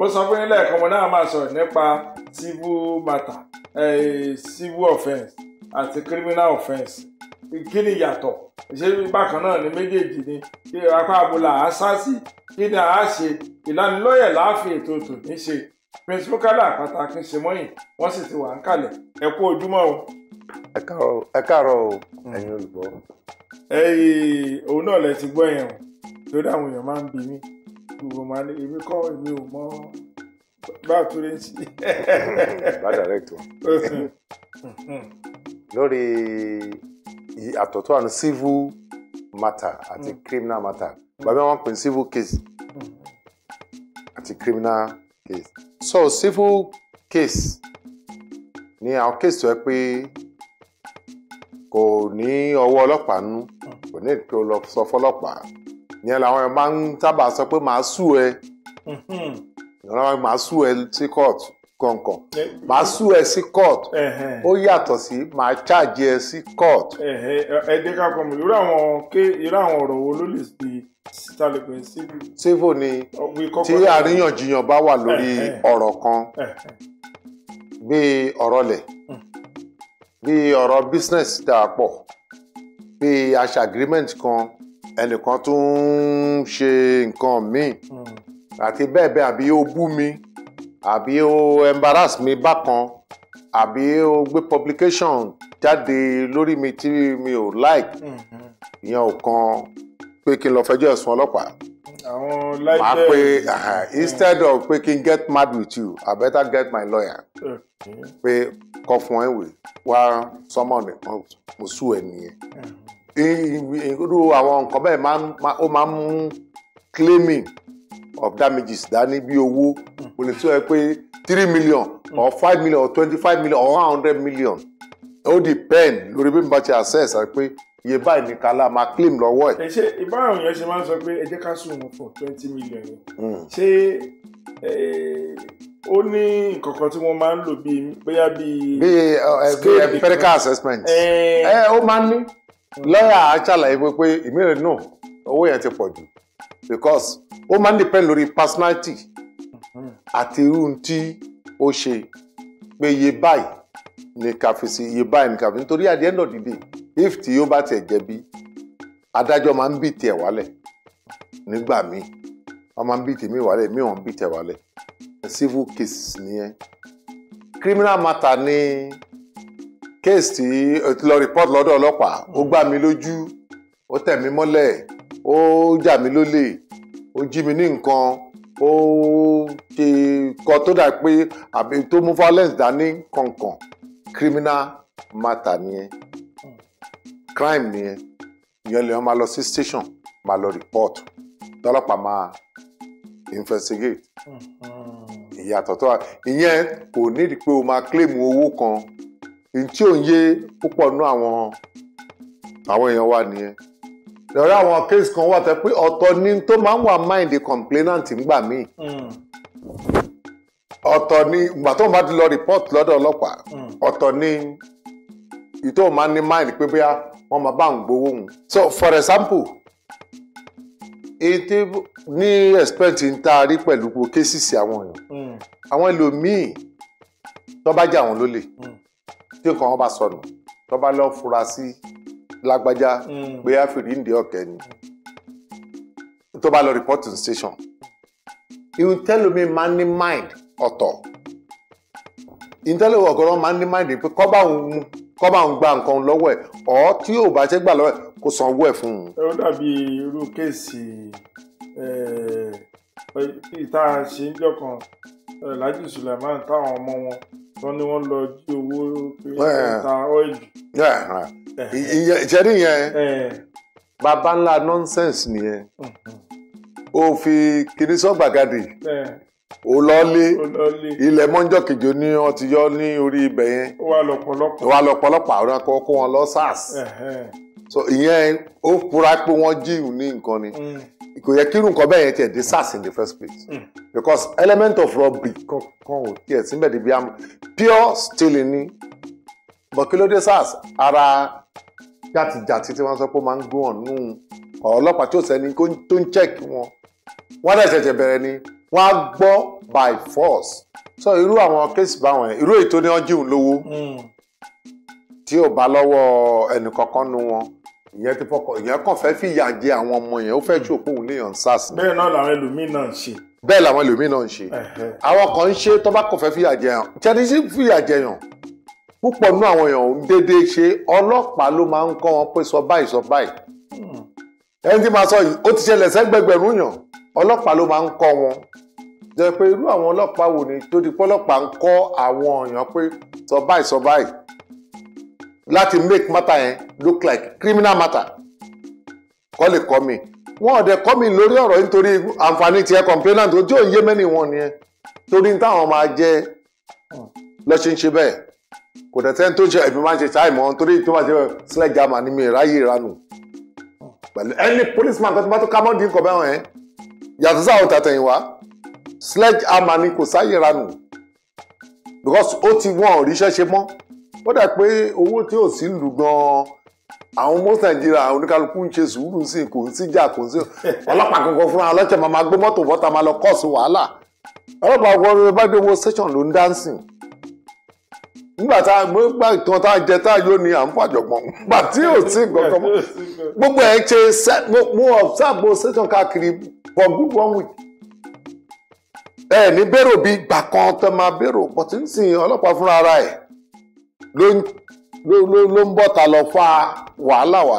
ó sọ fún yín lẹ́ẹ̀kan mo náà máa sọ̀rọ̀ nípa civil matter eh, civil offence àti criminal offence kí ni ìyàtọ̀ ṣé bákan náà ni méjèèjì ni kí apá abúlé àá sá sí kí ni àá ṣe ìlanilọ́yẹ̀ láàfin ètò tòní ṣe prince bukala àpáta akínṣemọyìn wọ́n sì ti wà ń kalẹ̀ ẹ kú ojúmọ́ o. ẹ káàárọ̀ ẹ káàárọ̀ o hmm. ẹ̀yin olùgbọ́. ẹyìn eh, òun náà lẹ ti gbọ́ yẹn o torí àwọn èèyàn máa ń bi mí gbogbo máa ní èmi kọ́ èmi ò mọ bá àtúrẹ́ ń ṣe. bá dàrẹ́tọ̀ lórí àtọ̀tọ̀ àná civil matter àti hmm. criminal matter bàbá wọn pè civil case àti criminal case so civil case ni àwọn case tó yẹ pé kò ní ọwọ́ ọlọ́pàá nú hmm. kò ní ìpè lọ sọ ìyẹn làwọn èèyàn máa ń sábà sọ pé màá sù ẹ hmm. ìrànlọ́wọ́ eh, màá sù ẹ sí court kọ̀ọ̀kan màá sù ẹ sí court ó yàtọ̀ sí màá ṣáàjì ẹ sí court. ẹ jẹ́ ká kọ́ mi irú àwọn ké irú àwọn ọ̀rọ̀ wo ló lè fi sítalẹ̀ pé civil. civil ni tí àríyànjiyàn bá wà lórí ọ̀rọ̀ kan bíi ọ̀rọ̀ lẹ̀ hmm. bíi ọ̀rọ̀ business dàpọ̀ bíi àṣà agreement kan ẹnìkan tún ń ṣe nǹkan míì àti bẹ́ẹ̀ bẹ́ẹ̀ àbí ó bú mi àbí ó embarrass mi bákan àbí ó gbé publication jáde lórí mi tí mi ò like ìyẹn ò kan pé kí n lọ fẹjọ́ ẹ̀sùn ọlọ́pàá àwọn láìpẹ́ máa pe ah, instead of pé kí n get mad with you I better get my lawyer pé kọ fún ẹ wè wá sọmọ nìkan mo sú ẹ nìyẹn irú àwọn nǹkan bẹ́ẹ̀ ó máa ń mú claiming of damages dání bí owó o lè sọ pé three million or five million or twenty-five million or one hundred million ó depend lórí bí n bá ti assess àti pé iye báyìí ni kala máa claim lọ́wọ́ ẹ̀. ẹ ṣe ìbáraẹ̀wò yẹn ṣe máa ń sọ pé ẹ ká sùn wọn fún twenty million yẹn hmm. ṣé ó ní nǹkan kan tí wọ́n máa ń lò bíi bóyá bíi. bíi empirical assessment ẹ ó máa ń ní. lọ́yà achala ṣàlàyé pé pé náà owó yẹn ti pọ̀ jù because ó máa ń depend lórí personality àti irú tí ó ṣe pé iye báyìí ni kàfíìsì iye báyìí ni kàfíìsì nítorí if tí yóò bá tiẹ̀ jẹ̀bi adájọ́ máa ń bì tiẹ̀ wálẹ̀ nígbà míì wọ́n máa ń bì tèmi wálẹ̀ mi ò bì tiẹ̀ wálẹ̀ civil case nìyẹn criminal matter ni. kéèsì tí o ti lọ report lọ́dọ̀ ọlọ́pàá ó gbá mi lójú ó tẹ̀ mí mọ́lẹ̀ ó jà mí lólè ó jí mi ní nǹkan ó ṣe kan tó dà pé àbí tó mú violence dání kọ̀ọ̀kan criminal matter nìyẹn crime nìyẹn ìyẹn lè máa lọ sí station máa lọ report tọ́lọ́pàá máa investigate hmm, hmm. ìyàtọ̀ tó wà ìyẹn kò nídìí pé o máa claim owó kan n ò ń yé púpọ̀ nú àwọn àwọn èèyàn wa nìyẹn lọ́rọ̀ àwọn case kan wà tẹ́ pé ọ̀tọ̀ ni tó máa ń wà mind complainant ńgbà míì hmm. ọ̀tọ̀ ni ìgbà tó máa ti lọ report lọ́dọ̀ ọlọ́pàá hmm. ọ̀tọ̀ ni ìtò máa ní mind pé bóyá wọ́n máa bá ń gbowó òun. so for example ètè ní expect ń tá a rí pẹ̀lú cases àwọn èèyàn hmm. àwọn ẹlòmíì tó bá jà wọ́n lólè. Mm tí nǹkan wọn bá sọnù tó bá lọ́ọ́ fura sí lágbájá hmm. bóyá fìdíǹdì ọ̀kẹ́ ni tó bá lọ report to the station ìhun tẹ́lómi máa ń ní mind ọ̀tọ̀ ìtẹ́lẹ̀ ọ̀gọ́rọ̀ máa ní mind pé kọ́ bá òun mú kọ́ bá òun gba nǹkan lọ́wọ́ ẹ̀ ọ́ tí yóò bá ṣe gbà lọ́wọ́ ẹ̀ kó san owó ẹ̀ fún un. ẹ ó dàbí irú kéèsì eh, ìta ṣe ń jọkan Alhaji Suleiman táwọn ọmọ wọn wọn ni wọ́n lọ jí owó ta ọ́ìlì. ìṣẹ́rí yẹn bàbá ńlá nonsense nìyẹn ó fi kinní sọ́gbàgàdì ó lọ lé ilẹ̀ mọ́jọ́ kejì ni wọ́n ti yọ ní orí ibẹ̀ yẹn ó wà lọ́pọ̀lọpọ̀ àwọn akọ́kọ́ wọn lọ SARS. Eh, eh so ìyẹn ó fura pé wọ́n jíù ní nǹkan ni mm. kò yẹ kírun nǹkan bẹ́ẹ̀ yẹn tiẹ̀ dé sars in the first place mm. because element of robbery kankan ò tiẹ̀ síbẹ̀ dé am pure stealing ni but kí ló dé sars ara jàtìjàtì tí wọ́n sọ pé ó máa ń gbọ́n nù ọlọ́pàá tí ò sẹ́ni tó ń check wọn wọ́n dẹ̀ ṣẹ̀ṣẹ̀ bẹ̀rẹ̀ ni wọ́n á gbọ́ by force so irú àwọn kéèsì báwọn irú èyí tó ní ọjọ́ ìhùn lówó mm. tí ò bá lọ́wọ́ ẹnìkankan nu wọn ìyẹn ti fọkàn ìyẹn kàn fẹ́ fìyà jẹ àwọn ọmọ yẹn ó fẹ́ tí hmm. òpó òun léèyàn sars. bẹ́ẹ̀ náà làwọn ẹlòmíín náà ń ṣe. bẹ́ẹ̀ làwọn ẹlòmíín náà ń ṣe. àwọn kan ń ṣe tó bá kàn fẹ́ fìyà jẹ yàn tẹnisi fìyà jẹ yàn púpọ̀ nú àwọn èèyàn ń déédéé ṣe ọlọ́pàá ló máa ń kọ́ wọn pé sọ báyìí sọ báyìí hmm. ẹni tí máa sọ yìí ó ti ṣẹlẹ̀ sẹ́gbẹ̀gbẹ̀rún yàn ọlọ́pàá ló máa ń kọ́ wọn jẹ́ pé irú ni tó di pọ́lọ́pàá láti make matter yẹn look like criminal matter kọ́ lè kọ́ mi wọn ò dẹ̀ kọ́ mi lórí ọ̀rọ̀ nítorí àǹfààní tiẹ̀ complainant ojú òye mẹ́ni wọn nìyẹn torí táwọn máa jẹ lọ́sẹ̀ ń ṣe bẹ́ẹ̀ kò dẹ̀ sẹ́ni tó ṣe ẹ̀mí máa ń ṣe ṣáà ìmọ̀ torí tó máa ṣe sílẹ̀ jama ni mi ráyè ìranù pẹ̀lú ẹni policeman kan tó bá tó ká mọ́ndín kọ̀ bẹ́ẹ̀ yẹn yàtọ̀ sáwọn tàtẹ̀yìn wá sílẹ̀ jama ni kò sáyè ìranù because ó ti wọ́n ò ríṣẹ́ ṣe mọ́ ó dà pé owó tí ò sí lù gan-an àwọn most Nigeria oníkàlùkù ń ṣe sùúrù sí kò ń síjà kò ń sí ọlọ́pàá kankan fúnra ọlọ́jà máa gbé mọ́tò ma máa lọ kọ́ọ̀sì wàhálà ọlọ́pàá ọgbọ́n bá dé owó station ló ń nígbà tá a gbà ìtàn tá a jẹ tá a yóò ní à ń tí gbogbo ẹ̀ ṣe ló ń bọ̀ta lọ fa wàhálà Wa